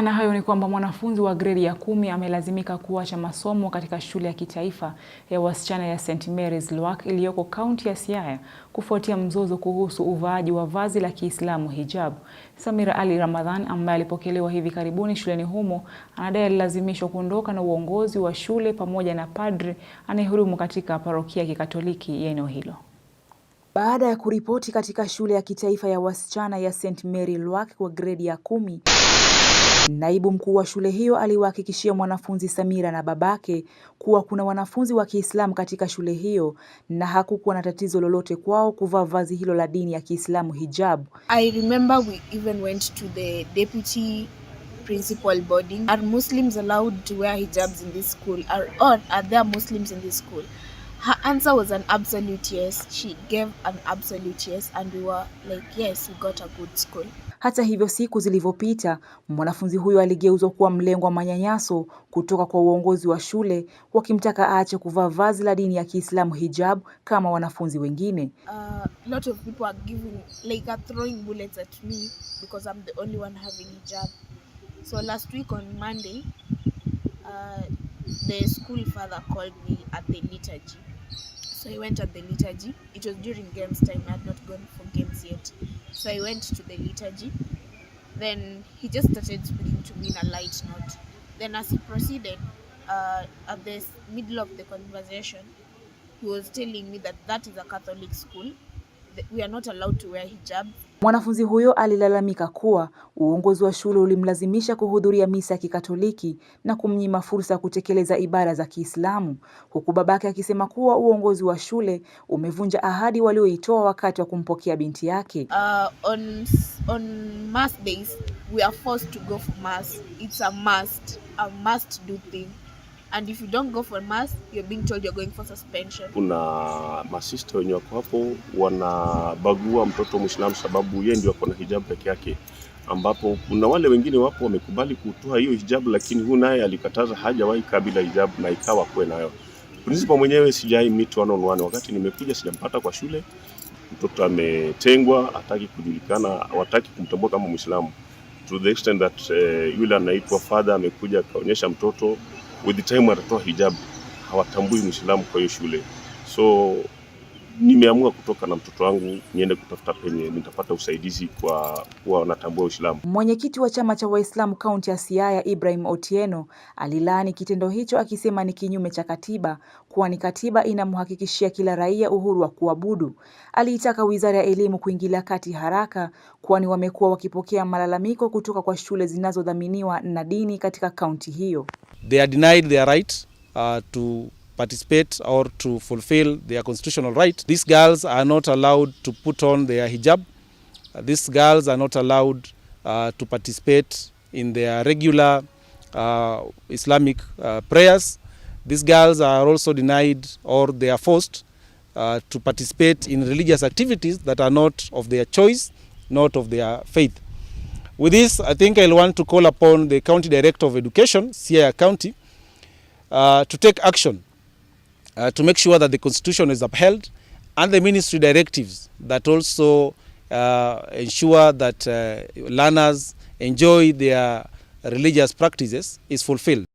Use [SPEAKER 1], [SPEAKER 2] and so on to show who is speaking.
[SPEAKER 1] Kutokana na hayo ni kwamba mwanafunzi wa gredi ya kumi amelazimika kuacha masomo katika shule ya kitaifa ya wasichana ya St Mary's Lwak iliyoko kaunti ya Siaya kufuatia mzozo kuhusu uvaaji wa vazi la Kiislamu hijab. Samira Ali Ramadhan ambaye alipokelewa hivi karibuni shuleni humo anadai alilazimishwa kuondoka na uongozi wa shule pamoja na padri anayehudumu katika parokia ya Kikatoliki ya eneo hilo. Baada ya kuripoti katika shule ya kitaifa ya wasichana ya St Mary Lwak kwa gredi ya kumi Naibu mkuu wa shule hiyo aliwahakikishia mwanafunzi Samira na babake kuwa kuna wanafunzi wa Kiislamu katika shule hiyo na hakukuwa na tatizo lolote kwao kuvaa vazi hilo la dini ya Kiislamu hijab.
[SPEAKER 2] I remember we even went to the deputy principal boarding. Are Muslims allowed to wear hijabs in this school? Or are there Muslims in this school? her answer was an absolute yes. She gave an absolute yes and we were like yes, we got a good school.
[SPEAKER 1] Hata hivyo, siku zilivyopita, mwanafunzi huyo aligeuzwa kuwa mlengwa wa manyanyaso kutoka kwa uongozi wa shule, wakimtaka aache kuvaa vazi la dini ya Kiislamu hijab kama wanafunzi wengine.
[SPEAKER 2] Uh, lot of people are giving like are throwing bullets at me because I'm the only one having hijab. So last week on Monday, uh, the school father called me at the liturgy So I went at the liturgy. It was during games time. I had not gone for games yet. So I went to the liturgy. Then he just started speaking to me in a light note. Then as he proceeded, uh, at the middle of the conversation, he was telling me that that is a Catholic school we are not allowed to wear hijab.
[SPEAKER 1] Mwanafunzi huyo alilalamika kuwa uongozi wa shule ulimlazimisha kuhudhuria misa ya Kikatoliki na kumnyima fursa ya kutekeleza ibada za Kiislamu, huku babake akisema kuwa uongozi wa shule umevunja ahadi walioitoa wakati wa kumpokea binti yake.
[SPEAKER 2] Uh, on, on mass days, we are forced to go for mass. It's a must, a must do thing and if you don't go for mass you're being told you're going for suspension.
[SPEAKER 3] Kuna masista wenye wako hapo wanabagua mtoto Muislamu sababu yeye ndio ako na hijabu peke yake, ambapo kuna wale wengine wapo wamekubali kutoa hiyo hijabu, lakini huyu naye alikataza, hajawahi kabila hijabu na ikawa kuwe nayo. Principal mwenyewe sijai meet one on one, wakati nimekuja sijampata kwa shule. Mtoto ametengwa, hataki kujulikana, hawataki kumtambua kama Muislamu to the extent that uh, yule anaitwa father amekuja akaonyesha mtoto with the time atatoa hijabu, hawatambui Mwislamu kwa hiyo shule. So nimeamua kutoka na mtoto wangu niende kutafuta penye nitapata usaidizi kwa kuwa wanatambua Uislamu.
[SPEAKER 1] Mwenyekiti wa chama cha Waislamu kaunti ya Siaya, Ibrahim Otieno, alilaani kitendo hicho akisema ni kinyume cha katiba, kwani katiba inamhakikishia kila raia uhuru wa kuabudu. Aliitaka Wizara ya Elimu kuingilia kati haraka, kwani wamekuwa wakipokea malalamiko kutoka kwa shule zinazodhaminiwa na dini katika kaunti hiyo
[SPEAKER 4] they are denied their right uh, to participate or to fulfill their constitutional right. These girls are not allowed to put on their hijab. Uh, these girls are not allowed uh, to participate in their regular uh, Islamic uh, prayers. These girls are also denied or they are forced uh, to participate in religious activities that are not of their choice, not of their faith. With this, I think I'll want to call upon the County Director of Education, Siaya County, uh, to take action uh, to make sure that the Constitution is upheld and the ministry directives that also uh, ensure that uh, learners enjoy their religious practices is fulfilled.